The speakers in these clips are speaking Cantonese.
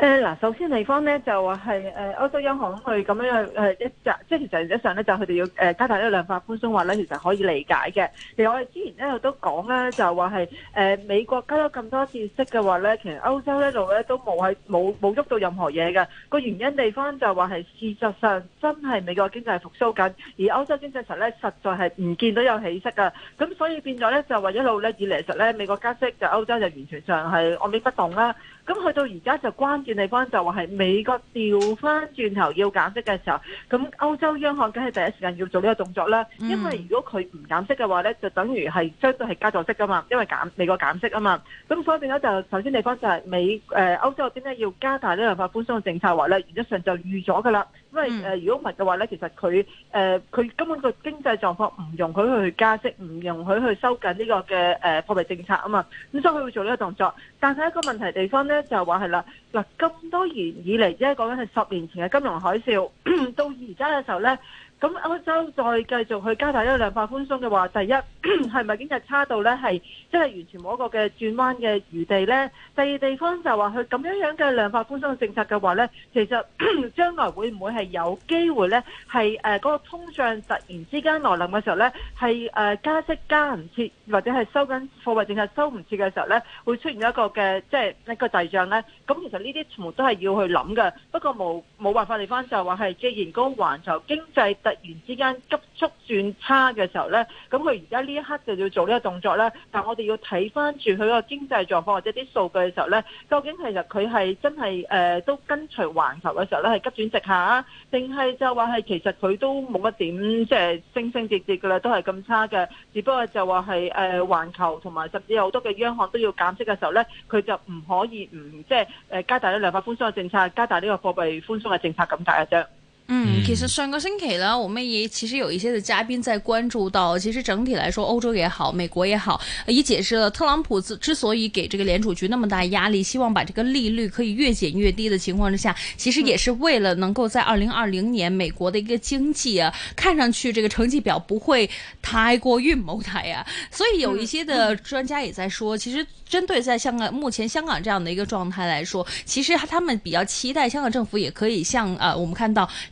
誒，嗱，首先地方咧就話係誒，歐洲央行去咁樣誒一集，即係其實實質上咧就佢哋要誒加大呢個量化寬鬆話咧，其實可以理解嘅。其實我哋之前咧都講啦，就話係誒美國加咗咁多次息嘅話咧，其實歐洲呢度咧都冇係冇冇喐到任何嘢㗎。個原因地方就話、是、係事實上真係美國經濟係復蘇緊，而歐洲經濟實咧實在係唔見到有起色㗎。咁所以變咗咧就話一路咧以嚟實咧美國加息，就歐洲就完全上係按兵不動啦。咁去到而家就關鍵地方就話係美國調翻轉頭要減息嘅時候，咁歐洲央行梗係第一時間要做呢個動作啦。因為如果佢唔減息嘅話咧，就等於係相對係加咗息噶嘛，因為美國減息啊嘛。咁所以變咗就首先地方就係美、誒、呃、歐洲點解要加大呢個量化寬鬆嘅政策話咧，原則上就預咗噶啦。嗯、因為誒、呃，如果唔係嘅話咧，其實佢誒佢根本個經濟狀況唔容許佢去加息，唔容許佢去收緊呢、這個嘅誒、呃、貨幣政策啊嘛，咁所以佢會做呢個動作。但係一個問題地方咧，就係話係啦，嗱咁多年以嚟，即係講緊係十年前嘅金融海嘯， 到而家嘅時候咧。咁歐洲再繼續去加大一個量化寬鬆嘅話，第一係咪經濟差到呢？係即係完全冇一個嘅轉彎嘅餘地呢。第二地方就話佢咁樣樣嘅量化寬鬆嘅政策嘅話呢，其實將來會唔會係有機會呢？係誒嗰個通脹突然之間來臨嘅時候呢，係誒加息加唔切，或者係收緊貨幣政策收唔切嘅時候呢，會出現一個嘅即係一個滯脹呢。咁其實呢啲全部都係要去諗嘅。不過冇冇辦法地方就話係既然高環球經濟突然之間急速轉差嘅時候呢，咁佢而家呢一刻就要做呢個動作呢。但我哋要睇翻住佢個經濟狀況或者啲數據嘅時候呢，究竟其實佢係真係誒都跟隨環球嘅時候呢，係急轉直下，定係就話係其實佢都冇乜點即係升升跌跌嘅啦，都係咁差嘅。只不過就話係誒環球同埋甚至有好多嘅央行都要減息嘅時候呢，佢就唔可以唔即係加大呢量化寬鬆嘅政策，加大呢個貨幣寬鬆嘅政策咁大嘅啫。嗯，其實上個星期呢，我們也其實有一些的嘉賓在關注到，其實整體來說，歐洲也好，美國也好，也解釋了特朗普之之所以給這個聯儲局那麼大壓力，希望把這個利率可以越減越低的情況之下，其實也是為了能夠在二零二零年美國的一個經濟啊，嗯、看上去這個成績表不會太過預謀台呀、啊。所以有一些的專家也在說，嗯嗯、其實針對在香港目前香港這樣的一個狀態來說，其實他們比較期待香港政府也可以像呃，我們看到。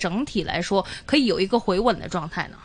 整體來說可以有一個回穩的狀態呢。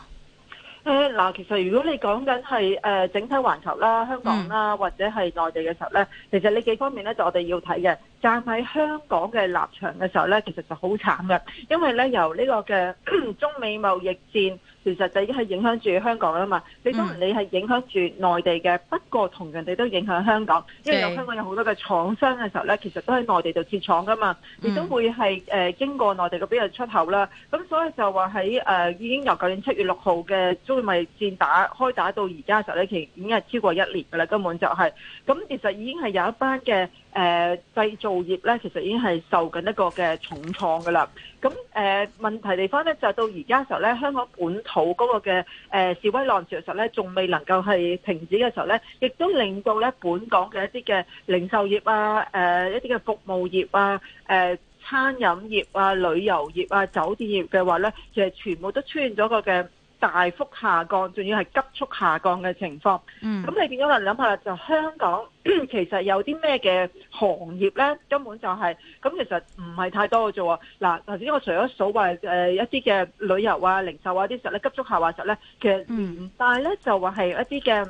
誒，嗱，其實如果你講緊係誒整體環球啦、香港啦或者係內地嘅時候咧，嗯、其實呢幾方面咧就我哋要睇嘅。站喺香港嘅立場嘅時候咧，其實就好慘㗎，因為咧由呢個嘅中美貿易戰，其實就已經係影響住香港㗎嘛。嗯、你當然你係影響住內地嘅，不過同人哋都影響香港，是因為有香港有好多嘅廠商嘅時候咧，其實都喺內地度設廠噶嘛，亦、嗯、都會係誒、呃、經過內地嘅邊度出口啦。咁所以就話喺誒已經由舊年七月六號嘅中美戰戰打開打到而家嘅時候咧，其實已經係超過一年㗎啦，根本就係、是、咁，那其實已經係有一班嘅。誒、呃、製造業咧，其實已經係受緊一個嘅重創噶啦。咁誒、呃、問題地方咧，就係到而家嘅時候咧，香港本土嗰個嘅誒、呃、示威浪潮嘅時候咧，仲未能夠係停止嘅時候咧，亦都令到咧本港嘅一啲嘅零售業啊、誒、呃、一啲嘅服務業啊、誒、呃、餐飲業啊、旅遊業啊、酒店業嘅話咧，其實全部都出現咗個嘅。大幅下降，仲要係急速下降嘅情況。咁、嗯、你變咗嚟諗下，就香港 其實有啲咩嘅行業咧，根本就係、是、咁，其實唔係太多嘅啫。嗱、啊，頭先我除咗所謂誒一啲嘅旅遊啊、零售啊啲時候咧，急速下滑時候咧，其實唔但係咧就話係一啲嘅。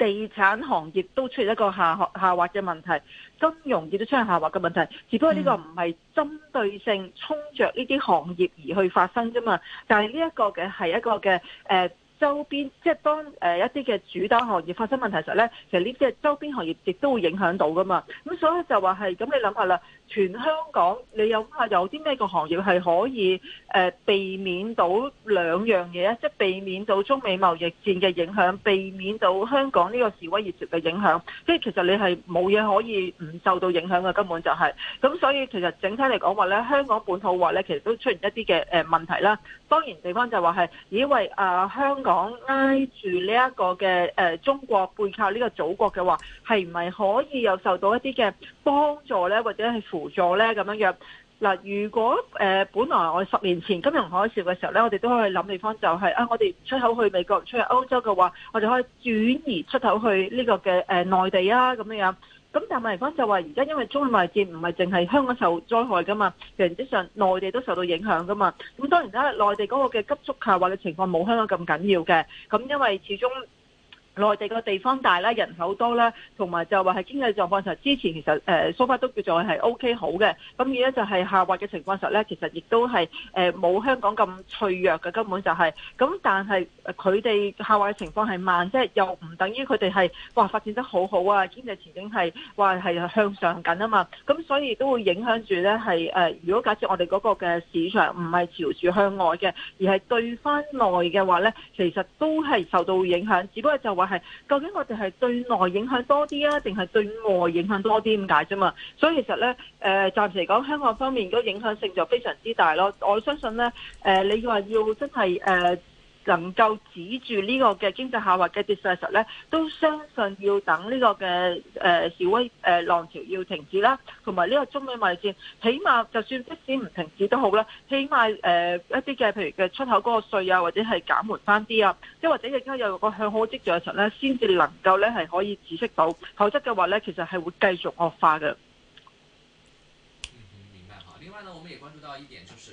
地產行業都出現一個下下滑嘅問題，金融業都出現下滑嘅問題，只不過呢個唔係針對性衝着呢啲行業而去發生啫嘛。但係呢一個嘅係一個嘅誒周邊，即係當誒一啲嘅主打行業發生問題嘅時候咧，其實呢啲嘅周邊行業亦都會影響到噶嘛。咁所以就話係咁，你諗下啦。全香港，你諗下有啲咩個行業係可以誒、呃、避免到兩樣嘢，即係避免到中美貿易戰嘅影響，避免到香港呢個示威熱潮嘅影響，即係其實你係冇嘢可以唔受到影響嘅，根本就係、是。咁所以其實整體嚟講話咧，香港本土話咧，其實都出現一啲嘅誒問題啦。當然地方就話係，因為啊香港挨住呢一個嘅誒中國背靠呢個祖國嘅話，係唔係可以有受到一啲嘅幫助咧，或者係助咧，咁樣樣嗱，如果誒本來我十年前金融海嘯嘅時候咧，我哋都可以諗地方就係啊，我哋出口去美國、出去歐洲嘅話，我哋可以轉移出口去呢個嘅誒內地啊咁樣樣。咁但係問題就係話，而家因為中美貿易戰唔係淨係香港受災害噶嘛，原則上內地都受到影響噶嘛。咁當然啦，內地嗰個嘅急速下滑嘅情況冇香港咁緊要嘅，咁因為始終，內地個地方大啦，人口多啦，同埋就話係經濟狀況實之前其實誒蘇花都叫做係 O K 好嘅，咁而家就係下滑嘅情況時候咧，其實亦都係誒冇香港咁脆弱嘅根本就係、是，咁但係佢哋下滑嘅情況係慢，即係又唔等於佢哋係哇發展得好好啊，經濟前景係話係向上緊啊嘛，咁所以都會影響住咧係誒，如果假設我哋嗰個嘅市場唔係朝住向外嘅，而係對翻內嘅話咧，其實都係受到影響，只不過就話、是。係，究竟我哋係對內影響多啲啊，定係對外影響多啲咁解啫嘛？所以其實咧，誒、呃、暫時嚟講，香港方面個影響性就非常之大咯。我相信咧，誒、呃、你要話要真係誒，呃能夠止住呢個嘅經濟下滑嘅跌勢嘅時候咧，都相信要等呢、這個嘅誒，呃、示威誒、呃、浪潮要停止啦，同埋呢個中美貿易戰，起碼就算即使唔停止都好啦，起碼誒、呃、一啲嘅譬如嘅出口嗰個稅啊，或者係減緩翻啲啊，即或者而家有一個向好嘅跡象嘅時候咧，先至能夠咧係可以止息到，否則嘅話咧，其實係會繼續惡化嘅。嗯，明白。另外呢，我們也關注到一點，就是。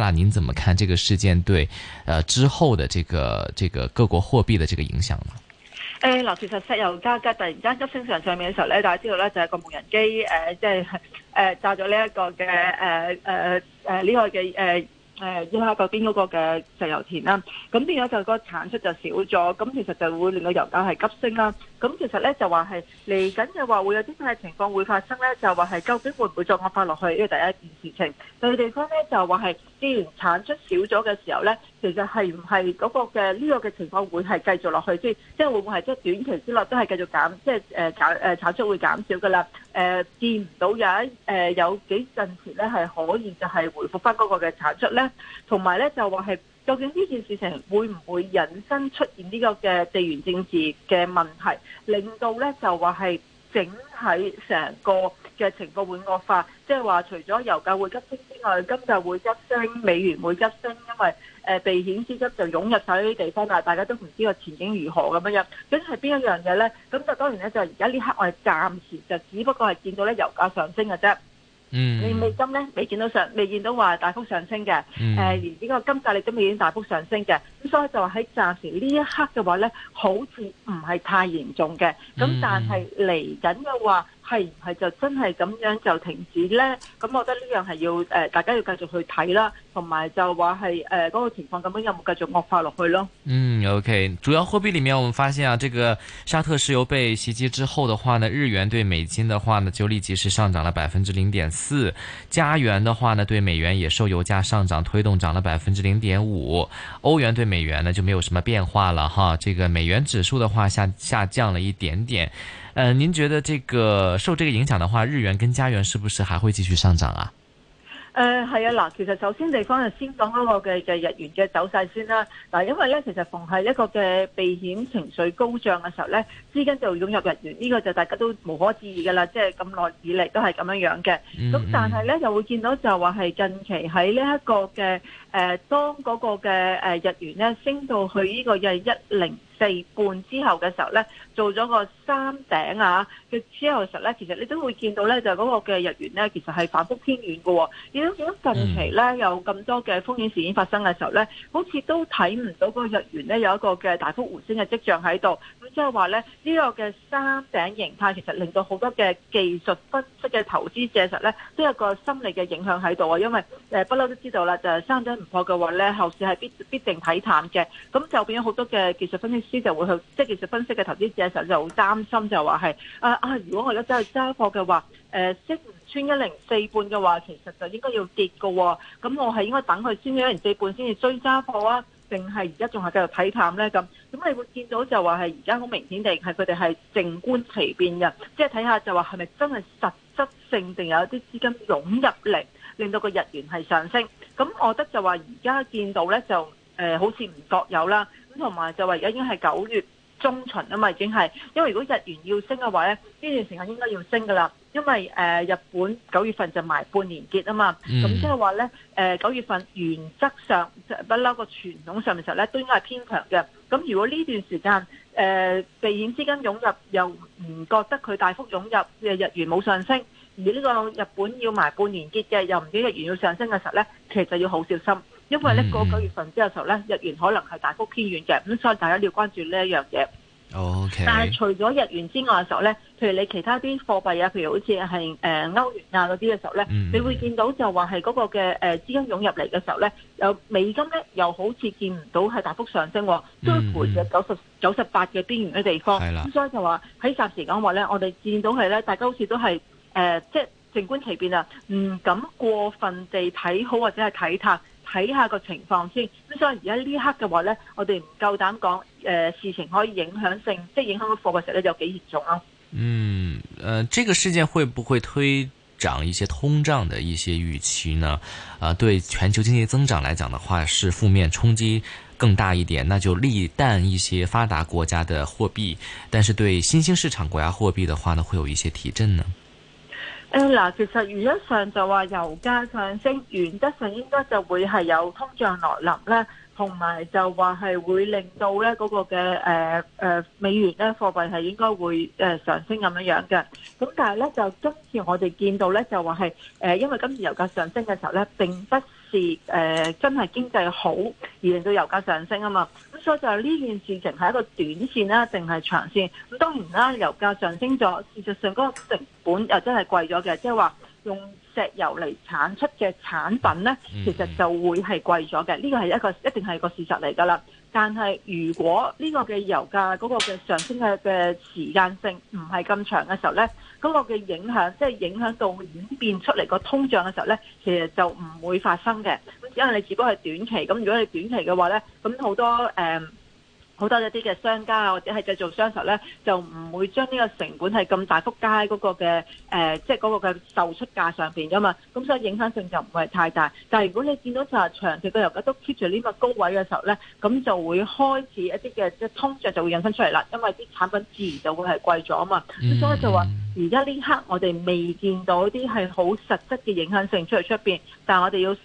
那您怎麼看這個事件對，呃之後的這個這個各國貨幣的這個影響呢？誒、欸，尤、呃、其實石油價格突然間急升上，上面嘅時候咧，大家知道咧就係、是、個無人機誒，即係誒炸咗呢一個嘅誒誒誒呢個嘅誒。呃誒伊拉克嗰邊嗰個嘅石油田啦，咁變咗就個產出就少咗，咁其實就會令到油價係急升啦。咁其實咧就話係嚟緊就話會有啲咩情況會發生咧，就話係究竟會唔會再惡化落去？呢第一件事情，那第二地方咧就話係資源產出少咗嘅時候咧，其實係唔係嗰個嘅呢個嘅情況會係繼續落去先？即係會唔會係即係短期之內都係繼續減？即係誒減誒產出會減少嘅啦。誒、呃、見唔到有誒、呃、有幾陣時咧係可以就係回覆翻嗰個嘅產出咧，同埋咧就話係究竟呢件事情會唔會引申出現呢個嘅地緣政治嘅問題，令到咧就話係。整體成個嘅情況會惡化，即係話除咗油價會急升之外，金價會急升，美元會急升，因為誒避險資金就湧入曬呢啲地方，大家都唔知個前景如何咁樣樣。咁係邊一樣嘢咧？咁就當然咧，就係而家呢刻我哋暫時就只不過係見到咧油價上升嘅啫。嗯，嗯未呢，你美金咧未見到上，未見到話大幅上升嘅。誒，嗯嗯、而呢個金價亦都未見大幅上升嘅。咁所以就話喺暫時呢一刻嘅話咧，好似唔係太嚴重嘅。咁但係嚟緊嘅話，嗯嗯係唔係就真係咁樣就停止呢？咁我覺得呢樣係要誒、呃，大家要繼續去睇啦，同埋就話係誒嗰個情況咁樣有冇繼續惡化落去咯？嗯，OK，主要貨幣裏面，我們發現啊，這個沙特石油被襲擊之後的話呢，日元對美金的話呢就立即是上漲了百分之零點四，加元的話呢對美元也受油價上漲推動漲了百分之零點五，歐元對美元呢就沒有什麼變化了哈，這個美元指數的話下下降了一點點。誒、呃，您覺得這個受這個影響的話，日元跟加元是不是還會繼續上漲啊？誒、呃，係啊，嗱，其實首先地方就先講一個嘅日元嘅走勢先啦。嗱，因為咧，其實逢係一個嘅避險情緒高漲嘅時候咧，資金就湧入日元，呢、這個就大家都無可置疑噶啦。即係咁耐以嚟都係咁樣樣嘅。咁、嗯嗯、但係咧，就會見到就話係近期喺呢一個嘅誒、呃，當嗰個嘅誒日元咧升到去呢個嘅一零。地半之後嘅時候咧，做咗個三頂啊嘅之後嘅時候咧，其實你都會見到咧，就嗰個嘅日元咧，其實係反覆偏軟㗎喎。而且見到近期咧有咁多嘅風險事件發生嘅時候咧，好似都睇唔到個日元咧有一個嘅大幅回升嘅跡象喺度。咁即係話咧，呢個嘅三頂形態其實令到好多嘅技術分析嘅投資者實咧都有個心理嘅影響喺度啊，因為誒不嬲都知道啦，就係三頂唔破嘅話咧，後市係必必定睇淡嘅。咁就變咗好多嘅技術分析。就會去，即係技術分析嘅投資者嘅時候就好擔心就、啊，就話係啊啊！如果我而家真係揸貨嘅話，誒、呃，即係穿一零四半嘅話，其實就應該要跌嘅喎、哦。咁我係應該等佢穿一零四半先至追揸貨啊，定係而家仲係繼續睇淡咧？咁咁，你會見到就話係而家好明顯地係佢哋係靜觀其變嘅，即係睇下就話係咪真係實質性定有一啲資金湧入嚟，令到個日元係上升。咁我覺得就話而家見到咧，就誒、呃、好似唔覺有啦。同埋就話而家已經係九月中旬啊嘛，已經係，因為如果日元要升嘅話咧，呢段時間應該要升噶啦，因為誒、呃、日本九月份就埋半年結啊嘛，咁即係話咧誒九月份原則上不嬲個傳統上面時候咧都應該係偏強嘅，咁如果呢段時間誒、呃、避險資金湧入又唔覺得佢大幅湧入，誒日元冇上升，而呢個日本要埋半年結嘅又唔知日元要上升嘅時候咧，其實就要好小心。因為咧，個九月份之後嘅時候咧，日元可能係大幅偏軟嘅，咁所以大家要關注呢一樣嘢。OK。但係除咗日元之外嘅時候咧，譬如你其他啲貨幣啊，譬如好似係誒歐元啊嗰啲嘅時候咧，嗯、你會見到就話係嗰個嘅誒、呃、資金湧入嚟嘅時候咧，有美金咧又好似見唔到係大幅上升，都係陪住九十九十八嘅邊緣嘅地方。係啦、嗯。咁所以就話喺暫時講話咧，我哋見到係咧，大家好似都係、呃、即係靜觀其變啊，唔敢過分地睇好或者係睇淡。睇下個情況先，咁所以而家呢刻嘅話呢，我哋唔夠膽講，誒、呃、事情可以影響性，即係影響個貨嘅時候咧，有幾嚴重咯。嗯，誒、呃，這個事件會不會推漲一些通脹的一些預期呢？啊、呃，對全球經濟增長來講的話，是負面衝擊更大一點，那就利淡一些發達國家的貨幣，但是對新興市場國家貨幣的話呢，會有一些提振呢。誒，嗱，其實原因上就話油價上升，原則上應該就會係有通脹來臨咧，同埋就話係會令到咧嗰個嘅誒誒美元咧貨幣係應該會誒、呃、上升咁樣樣嘅。咁但係咧就今次我哋見到咧就話係誒，因為今次油價上升嘅時候咧，並不。呃、是誒真係經濟好而令到油價上升啊嘛，咁所以就係呢件事情係一個短線啦、啊，定係長線？咁當然啦、啊，油價上升咗，事實上嗰個成本又真係貴咗嘅，即係話用石油嚟產出嘅產品咧，其實就會係貴咗嘅。呢、呢個係一個一定係個事實嚟㗎啦。但係如果呢個嘅油價嗰個嘅上升嘅嘅時間性唔係咁長嘅時候咧。咁我嘅影響，即係影響到演變出嚟個通脹嘅時候咧，其實就唔會發生嘅。因為你只不過係短期，咁如果你短期嘅話咧，咁好多、嗯好多一啲嘅商家啊或者係製造商實咧，就唔會將呢個成本係咁大幅加喺嗰個嘅誒，即係嗰個嘅售出價上面㗎嘛。咁所以影響性就唔係太大。但係如果你見到就係長期嘅油價都 keep 住呢個高位嘅時候咧，咁就會開始一啲嘅即係通脹就會引申出嚟啦。因為啲產品自然就會係貴咗啊嘛。所以就話而家呢刻我哋未見到啲係好實質嘅影響性出嚟出邊，但係我哋要小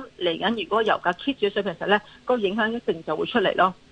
心嚟緊。如果油價 keep 住水平實咧，個影響性就會出嚟咯。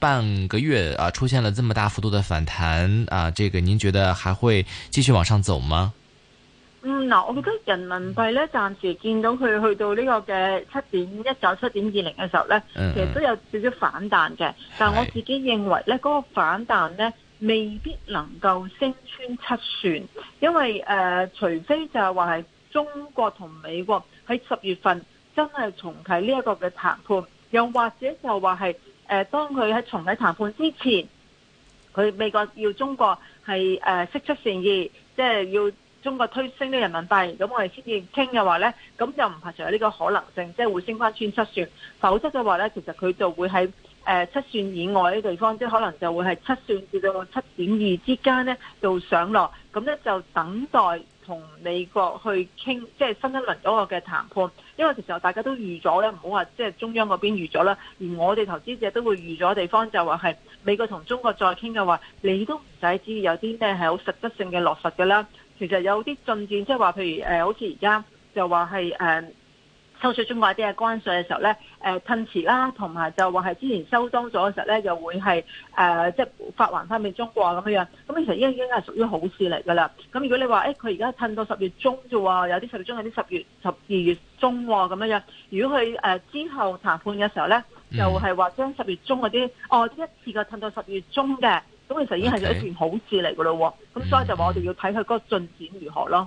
半個月啊，出現了這麼大幅度的反彈啊，這個您覺得還會繼續往上走嗎？嗯，嗱，我覺得人民幣咧，暫時見到佢去到呢個嘅七點一九、七點二零嘅時候咧，其實都有少少反彈嘅。嗯嗯，但係我自己認為咧，是嗰個反彈咧未必能夠升穿七算，因為誒、呃，除非就係話係中國同美國喺十月份真係重啟呢一個嘅談判，又或者就話係。誒，當佢喺重啟談判之前，佢美國要中國係誒釋出善意，即係要中國推升啲人民幣，咁我哋先至傾嘅話咧，咁就唔排除有呢個可能性，即係會升翻穿七算；否則嘅話咧，其實佢就會喺誒七算以外嘅地方，即係可能就會係七算至到七點二之間咧度上落。咁咧就等待同美國去傾，即係新一輪嗰個嘅談判。因為其實大家都預咗咧，唔好話即係中央嗰邊預咗啦，而我哋投資者都會預咗地方就話係美國同中國再傾嘅話，你都唔使知有啲咩係好實質性嘅落實㗎啦。其實有啲進展，即係話譬如誒，好似而家就話係誒。抽取中國一啲嘅關稅嘅時候咧，誒褪遲啦，同埋就話係之前收多咗嘅時候咧，又會係誒、呃、即係發還翻俾中國咁樣。咁其實依啲已經係屬於好事嚟噶啦。咁如果你話誒佢而家褪到十月中咋喎，有啲十月中，有啲十月十二月中喎、喔、咁樣。如果佢誒、呃、之後談判嘅時候咧，又係話將十月中嗰啲哦一次嘅褪到十月中嘅，咁其實已經係一件好事嚟噶啦。咁、嗯嗯、所以就話我哋要睇佢嗰個進展如何咯。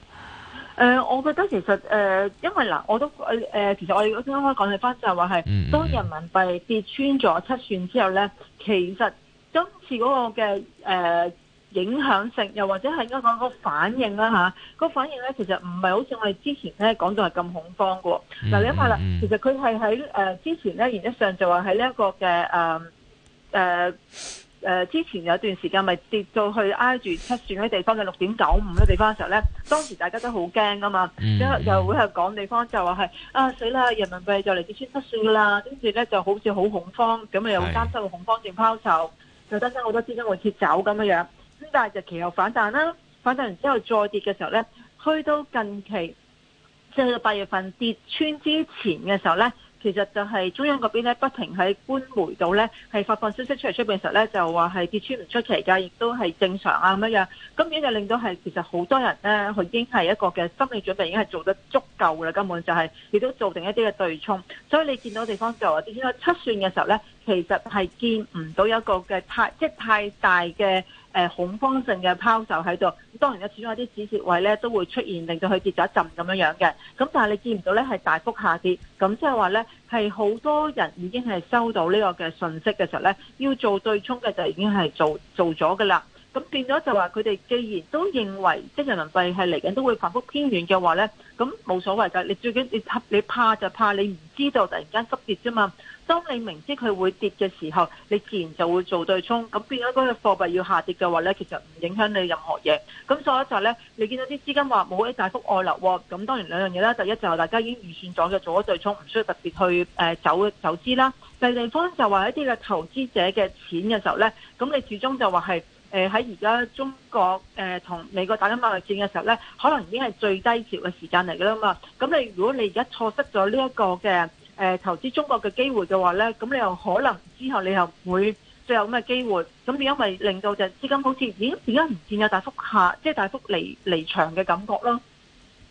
誒、呃，我覺得其實誒、呃，因為嗱、呃，我都、呃、其實我哋啱啱講起翻就係話係當人民幣跌穿咗七算之後咧，其實今次嗰個嘅、呃、影響性，又或者係應該講個反應啦嚇，個、啊、反應咧其實唔係好似我哋之前咧講到係咁恐慌嘅。嗱，你諗下啦，其實佢係喺誒之前咧，原則上就話係呢一個嘅誒、呃呃誒、呃、之前有段時間咪跌到去挨住七算嗰啲地方嘅六點九五嘅地方嘅時候咧，當時大家都好驚噶嘛，即係、嗯、就會係講地方就話係啊死啦，人民幣就嚟跌穿七算啦，跟住咧就好似好恐慌，咁你又會擔心會恐慌性拋售，的就擔心好多資金會撤走咁樣。咁但係其後又反彈啦，反彈完之後再跌嘅時候咧，去到近期即係八月份跌穿之前嘅時候咧。其實就係中央嗰邊咧，不停喺官媒度咧，係發放消息出嚟出面嘅時候咧，就話係跌穿唔出奇㗎，亦都係正常啊咁樣。咁樣就令到係其實好多人咧，佢已經係一個嘅心理準備已經係做得足夠啦。根本就係、是、亦都做成一啲嘅對沖。所以你見到地方就話點樣七算嘅時候咧，其實係見唔到一個嘅太即係、就是、太大嘅誒恐慌性嘅拋售喺度。咁當然有始終有啲止蝕位咧都會出現，令到佢跌咗一陣咁樣樣嘅。咁但係你見唔到咧係大幅下跌。咁即係話咧係好多人已經係收到呢個嘅訊息嘅時候咧，要做對沖嘅就已經係做做咗㗎喇。咁變咗就話佢哋既然都認為即係人民幣係嚟緊都會反覆偏軟嘅話呢，咁冇所謂㗎。你最緊你怕你怕就怕你唔知道突然間急跌啫嘛。當你明知佢會跌嘅時候，你自然就會做對沖。咁變咗嗰個貨幣要下跌嘅話呢，其實唔影響你任何嘢。咁所以就呢，你見到啲資金話冇一大幅外流喎、哦，咁當然兩樣嘢啦。第一就係大家已經預算咗嘅做咗對沖，唔需要特別去誒走走資啦。第二地方就話一啲嘅投資者嘅錢嘅時候呢，咁你始終就話係。誒喺而家中國誒同美國打緊貿易戰嘅時候咧，可能已經係最低潮嘅時間嚟㗎啦嘛。咁你如果你而家錯失咗呢一個嘅誒投資中國嘅機會嘅話咧，咁你又可能之後你又唔會再有咁嘅機會。咁而因為令到就資金好似咦而家唔見有大幅下，即係大幅離離場嘅感覺咯。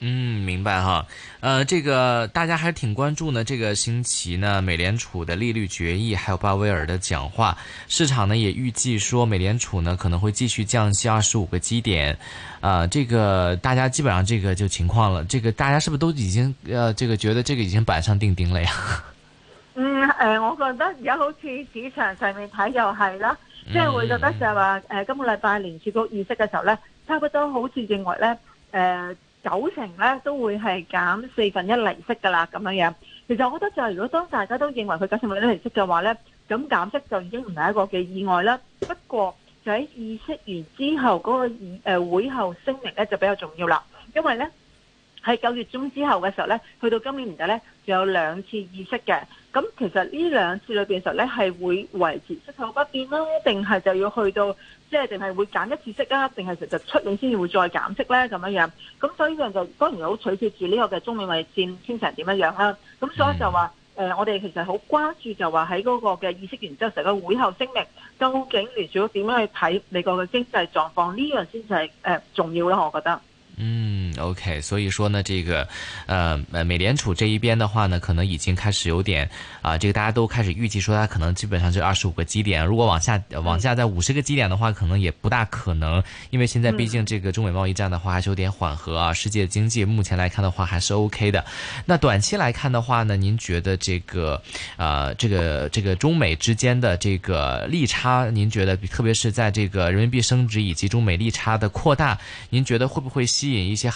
嗯，明白哈，呃，這個大家還挺關注呢。這個星期呢，美聯儲的利率決議還有巴威爾的講話，市場呢也預計說美聯儲呢可能會繼續降息二十五個基點，啊、呃，這個大家基本上這個就情況了。這個大家是不是都已經呃這個覺得這個已經板上釘釘了呀？嗯，誒、呃，我覺得有，好似市場上面睇又係啦，即係會覺得就係話，誒、呃嗯呃，今個禮拜聯儲局議息嘅時候咧，差不多好似認為咧，誒、呃。九成咧都會係減四分一利息噶啦，咁樣樣。其實我覺得就係如果當大家都認為佢減四分一利息嘅話咧，咁減息就已經唔係一個嘅意外啦。不過就喺議息完之後嗰、那個誒會後聲明咧就比較重要啦，因為咧。喺九月中之後嘅時候咧，去到今年年底咧，就有兩次意識嘅。咁其實呢兩次裏邊嘅時候咧，係會維持息口不變咯，定係就要去到即係定係會減一次息啦，定係實實出年先至會再減息咧咁樣樣。咁所以呢樣就當然好取決住呢個嘅中美貿易戰傾成點樣樣啦。咁是所以就話誒、呃，我哋其實好關注就話喺嗰個嘅意識完之後成個會後聲明，究竟聯儲局點樣去睇美國嘅經濟狀況？呢樣先就係誒重要啦，我覺得。嗯。O.K. 所以說呢，這個，呃呃，美聯儲這一邊的話呢，可能已經開始有點，啊、呃，這個大家都開始預計說它可能基本上就二十五個基點，如果往下往下在五十個基點的話，可能也不大可能，因為現在畢竟這個中美貿易戰的話還是有點緩和啊，世界經濟目前來看的話還是 O.K. 的。那短期來看的話呢，您覺得這個，呃這個這個中美之間的這個利差，您覺得特別是在這個人民幣升值以及中美利差的擴大，您覺得會不會吸引一些？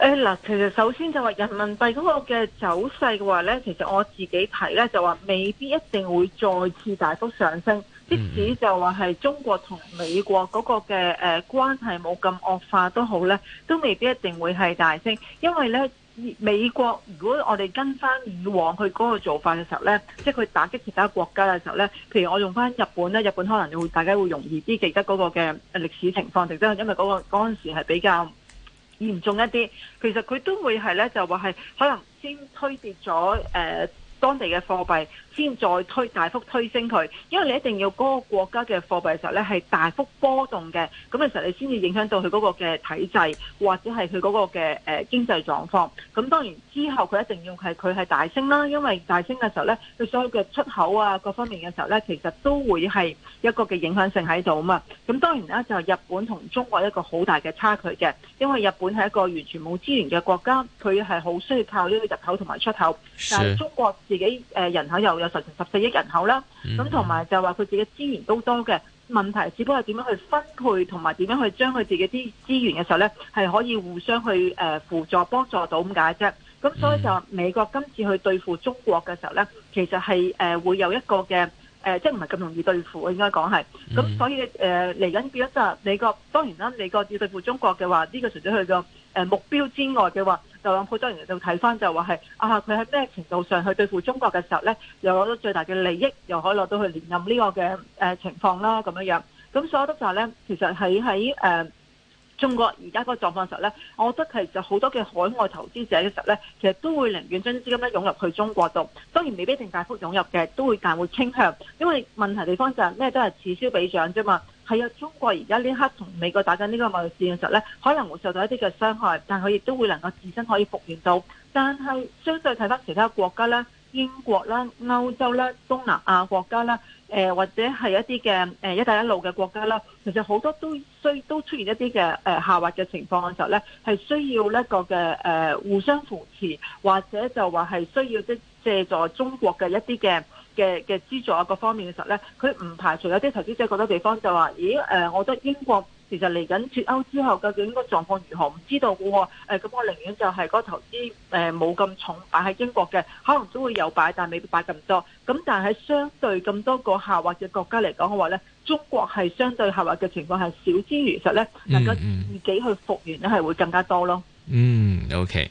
嗱、哎，其實首先就話人民幣嗰個嘅走勢嘅話咧，其實我自己睇咧就話未必一定會再次大幅上升。即使、嗯、就話係中國同美國嗰個嘅誒關係冇咁惡化都好咧，都未必一定會係大升。因為咧，美國如果我哋跟翻以往去嗰個做法嘅時候咧，即係佢打擊其他國家嘅時候咧，譬如我用翻日本咧，日本可能大家會容易啲記得嗰個嘅歷史情況，或者因為嗰、嗰個嗰陣時係比較嚴重一啲，其實佢都會係咧，就話係可能先推跌咗誒，呃當地嘅貨幣先再推大幅推升佢，因為你一定要嗰個國家嘅貨幣嘅時候咧係大幅波動嘅，咁其實你先至影響到佢嗰個嘅體制或者係佢嗰個嘅誒經濟狀況。咁當然之後佢一定要係佢係大升啦，因為大升嘅時候咧，佢所有嘅出口啊、各方面嘅時候咧，其實都會係一個嘅影響性喺度啊嘛。咁當然啦，就係日本同中國一個好大嘅差距嘅，因為日本係一個完全冇資源嘅國家，佢係好需要靠呢個入口同埋出口，但係中國。自己誒人口又有十四億人口啦，咁同埋就話佢自己資源都多嘅問題，只不過係點樣去分配同埋點樣去將佢自己啲資源嘅時候咧，係可以互相去誒輔助幫助到咁解啫。咁所以就美國今次去對付中國嘅時候咧，其實係誒、呃、會有一個嘅，呃、即係唔係咁容易對付我應該講係。咁所以誒嚟緊變咗就係美國當然啦、啊，美國要對付中國嘅話，呢、呢個除咗佢個誒目標之外嘅話，就有好多人就睇翻，就話係啊，佢喺咩程度上去對付中國嘅時候呢，又攞到最大嘅利益，又可以攞到去連任呢個嘅情況啦，咁樣樣。咁所以都就係呢，其實喺喺、呃、中國而家嗰個狀況時候呢，我覺得其實好多嘅海外投資者嘅時候呢，其實都會寧願將啲資金咧湧入去中國度。當然未必一定大幅湧入嘅，都會但會傾向，因為問題地方就係、是、咩都係此消彼長啫嘛。係啊，中國而家呢刻同美國打緊呢個貿易戰嘅時候咧，可能會受到一啲嘅傷害，但係佢亦都會能夠自身可以復原到。但係相對睇翻其他國家啦，英國啦、歐洲啦、東南亞國家啦，誒、呃、或者係一啲嘅誒一帶一路嘅國家啦，其實好多都需都出現一啲嘅誒下滑嘅情況嘅時候咧，係需要一個嘅誒、呃、互相扶持，或者就話係需要即借助中國嘅一啲嘅。嘅嘅資助啊，各方面嘅時候咧，佢唔排除有啲投資者，覺得，地方就話，咦誒、呃，我覺得英國其實嚟緊脱歐之後，究竟個狀況如何？唔知道嘅喎。咁、呃、我寧願就係嗰個投資誒冇咁重擺喺英國嘅，可能都會有擺，但係未必擺咁多。咁但係相對咁多個下滑嘅國家嚟講嘅話咧，中國係相對下滑嘅情況係少之餘，其實咧能夠自己去復原咧係會更加多咯，嗯。嗯，OK。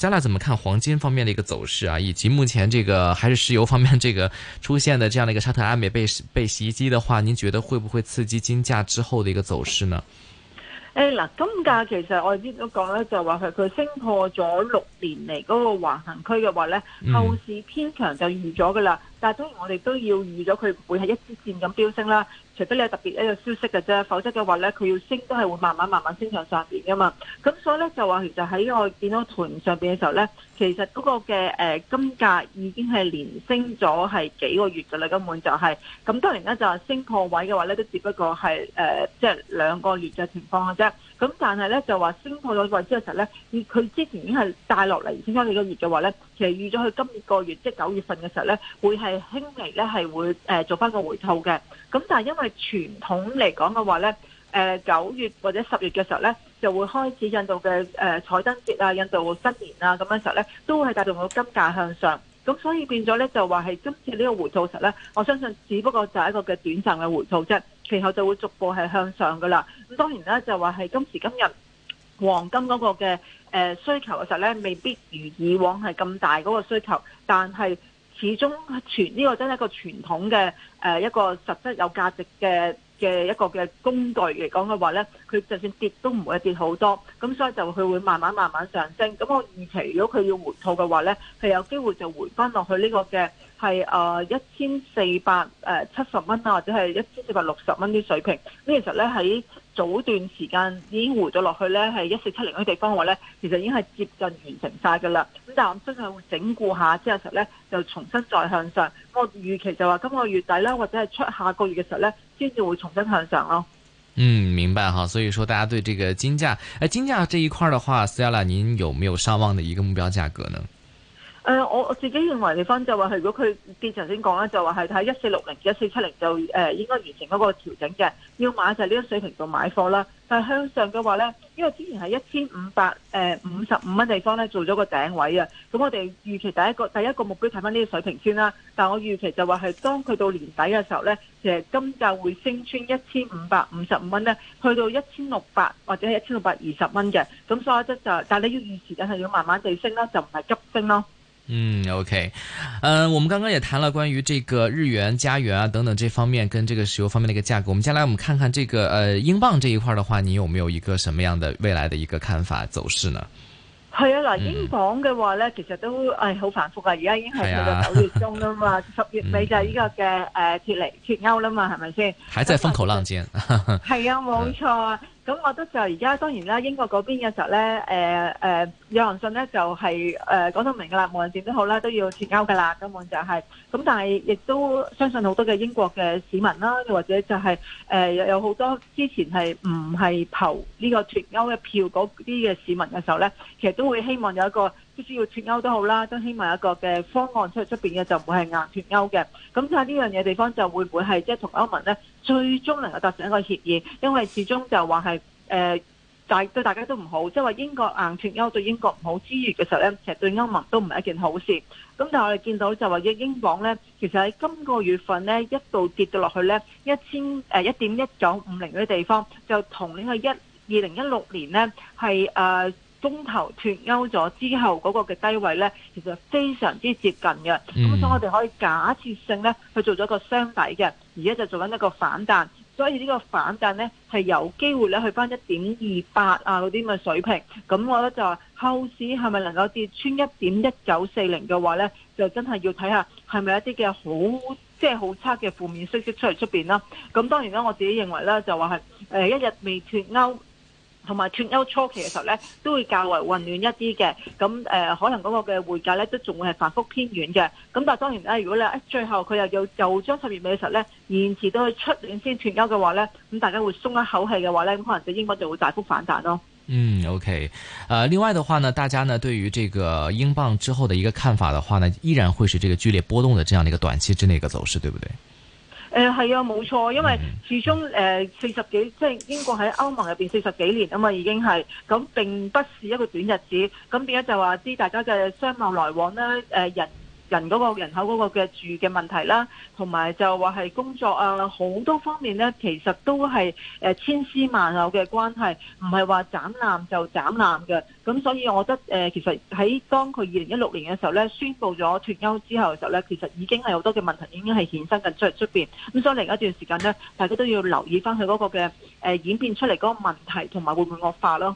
家下怎麼看黃金方面的一個走勢啊？以及目前這個還是石油方面這個出現的這樣的一個沙特阿美被被襲擊的話，您覺得會不會刺激金價之後的一個走勢呢？誒、嗯，嗱，金價其實我哋都講咧就係話佢升破咗六年嚟嗰個橫行區嘅話咧，後市偏強就預咗噶啦。但係當然，我哋都要預咗佢唔會係一支線咁飆升啦，除非你有特別一個消息嘅啫，否則嘅話咧，佢要升都係會慢慢慢慢升上上面㗎嘛。咁所以咧就話其實喺我見到盤上面嘅時候咧，其實嗰個嘅誒金價已經係連升咗係幾個月嘅啦，根本就係咁當然咧就係升破位嘅話咧，都只不過係誒即係兩個月嘅情況嘅啫。咁但係咧就話升破咗位之後嘅時候咧，佢之前已經係帶落嚟先咗幾個月嘅話咧，其實預咗佢今個月即係九月份嘅時候咧，會係輕微咧係會誒做翻個回吐嘅。咁但係因為傳統嚟講嘅話咧，誒九月或者十月嘅時候咧，就會開始印度嘅誒彩燈節啊、印度新年啊咁樣時候咧，都係帶動到金價向上。咁所以變咗咧就話係今次呢個回吐實咧，我相信只不過就係一個嘅短暫嘅回吐啫。其後就會逐步係向上噶啦。咁當然啦，就話係今時今日黃金嗰個嘅誒需求嘅時候咧，未必如以往係咁大嗰個需求。但係始終傳呢個真係一個傳統嘅誒一個實質有價值嘅嘅一個嘅工具嚟講嘅話咧，佢就算跌都唔會跌好多。咁所以就佢會慢慢慢慢上升。咁我預期如果佢要回吐嘅話咧，佢有機會就回返落去呢個嘅。係誒一千四百誒七十蚊啊，或者係一千四百六十蚊啲水平。咁其實咧喺早段時間已經回咗落去咧，係一四七零嗰啲地方嘅話咧，其實已經係接近完成晒噶啦。咁但係我真係會整固下之後，其實咧就重新再向上。我預期就話今個月底啦，或者係出下個月嘅時候咧，先至會重新向上咯。嗯，明白哈。所以說，大家對這個金價誒，金價這一塊嘅話 Celia，您有沒有上望嘅一個目標價格呢？嗯誒，我、呃、我自己認為地方就話係，如果佢跌，頭先講啦，就話係睇一四六零至一四七零就誒應該完成嗰個調整嘅，要買就喺呢個水平度買貨啦。但係向上嘅話咧，因為之前係一千五百誒五十五蚊地方咧做咗個頂位啊，咁我哋預期第一個第一個目標睇翻呢個水平先啦。但係我預期就話係當佢到年底嘅時候咧，其實金價會升穿一千五百五十五蚊咧，去到一千六百或者係一千六百二十蚊嘅。咁所以即係，但係你要預時間係要慢慢地升啦，就唔係急升咯。嗯，OK，嗯、呃，我們剛剛也談了關於這個日元、加元啊等等這方面跟這個石油方面的一個價格。我們接下來我們看看這個呃英鎊這一塊的話，你有沒有一個什麼樣的未來的一個看法走勢呢？係啊，嗱，英鎊嘅話呢，其實都誒好繁複啊。而家已經係去到九月中啦嘛，十對、啊 嗯、月尾就係呢個嘅誒、呃、脫離脱歐啦嘛，係咪先？還在風口浪尖。係是 啊，冇錯。啊、嗯咁我覺得就而家當然啦，英國嗰邊嘅時候咧，誒、呃、誒，有人信咧就係、是、誒講到明㗎啦，無論點都好啦，都要脱歐㗎啦，根本就係、是。咁但係亦都相信好多嘅英國嘅市民啦，或者就係、是、誒、呃、有好多之前係唔係投呢個脱歐嘅票嗰啲嘅市民嘅時候咧，其實都會希望有一個。即使要脱歐都好啦，都希望有一個嘅方案，出去出邊嘅就唔會係硬脱歐嘅。咁睇下呢樣嘢地方就會唔會係，即係同歐盟呢最終能夠達成一個協議？因為始終就話係誒，大對大家都唔好，即係話英國硬脱歐對英國唔好之餘嘅時候呢，其實對歐盟都唔係一件好事。咁但係我哋見到就話英鎊呢，其實喺今個月份呢，一度跌咗落去呢一千誒，一點一九五零嗰啲地方，就同呢個一二零一六年呢係誒。是呃中頭脱歐咗之後嗰、那個嘅低位呢，其實非常之接近嘅，咁、嗯、所以我哋可以假設性呢去做咗個箱底嘅，而家就做緊一個反彈，所以呢個反彈呢，係有機會咧去翻一點二八啊嗰啲咁嘅水平，咁我覺得就話後市係咪能夠跌穿一點一九四零嘅話呢，就真係要睇下係咪一啲嘅好即係好差嘅負面消息出嚟出面啦。咁當然啦，我自己認為呢就話係、呃、一日未脱歐。同埋脫歐初期嘅時候咧，都會較為混亂一啲嘅，咁誒、呃、可能嗰個嘅匯價咧都仲會係反覆偏軟嘅，咁但係當然咧，如果你最後佢又有又將十月尾嘅時候咧，延遲到出年先脫歐嘅話咧，咁大家會鬆一口氣嘅話咧，咁可能對英鎊就會大幅反彈咯、哦。嗯，OK，誒、呃，另外的話呢，大家呢對於這個英鎊之後的一個看法的話呢，依然會是這個劇烈波動的這樣的一個短期之內一個走勢，對不對？誒係、嗯、啊，冇錯，因為始終誒四十幾，即係英國喺歐盟入邊四十幾年啊嘛、嗯，已經係咁，並不是一個短日子。咁變咗就話知大家嘅商貿來往咧，誒、呃、人。人嗰個人口嗰個嘅住嘅問題啦，同埋就話係工作啊，好多方面呢，其實都係千絲萬縷嘅關係，唔係話斬纜就斬纜嘅。咁所以，我覺得、呃、其實喺當佢二零一六年嘅時候呢，宣布咗脫歐之後嘅時候呢，其實已經係好多嘅問題已經係衍生緊出出邊。咁所以另一段時間呢，大家都要留意翻佢嗰個嘅誒、呃、演變出嚟嗰個問題，同埋會唔會惡化咯？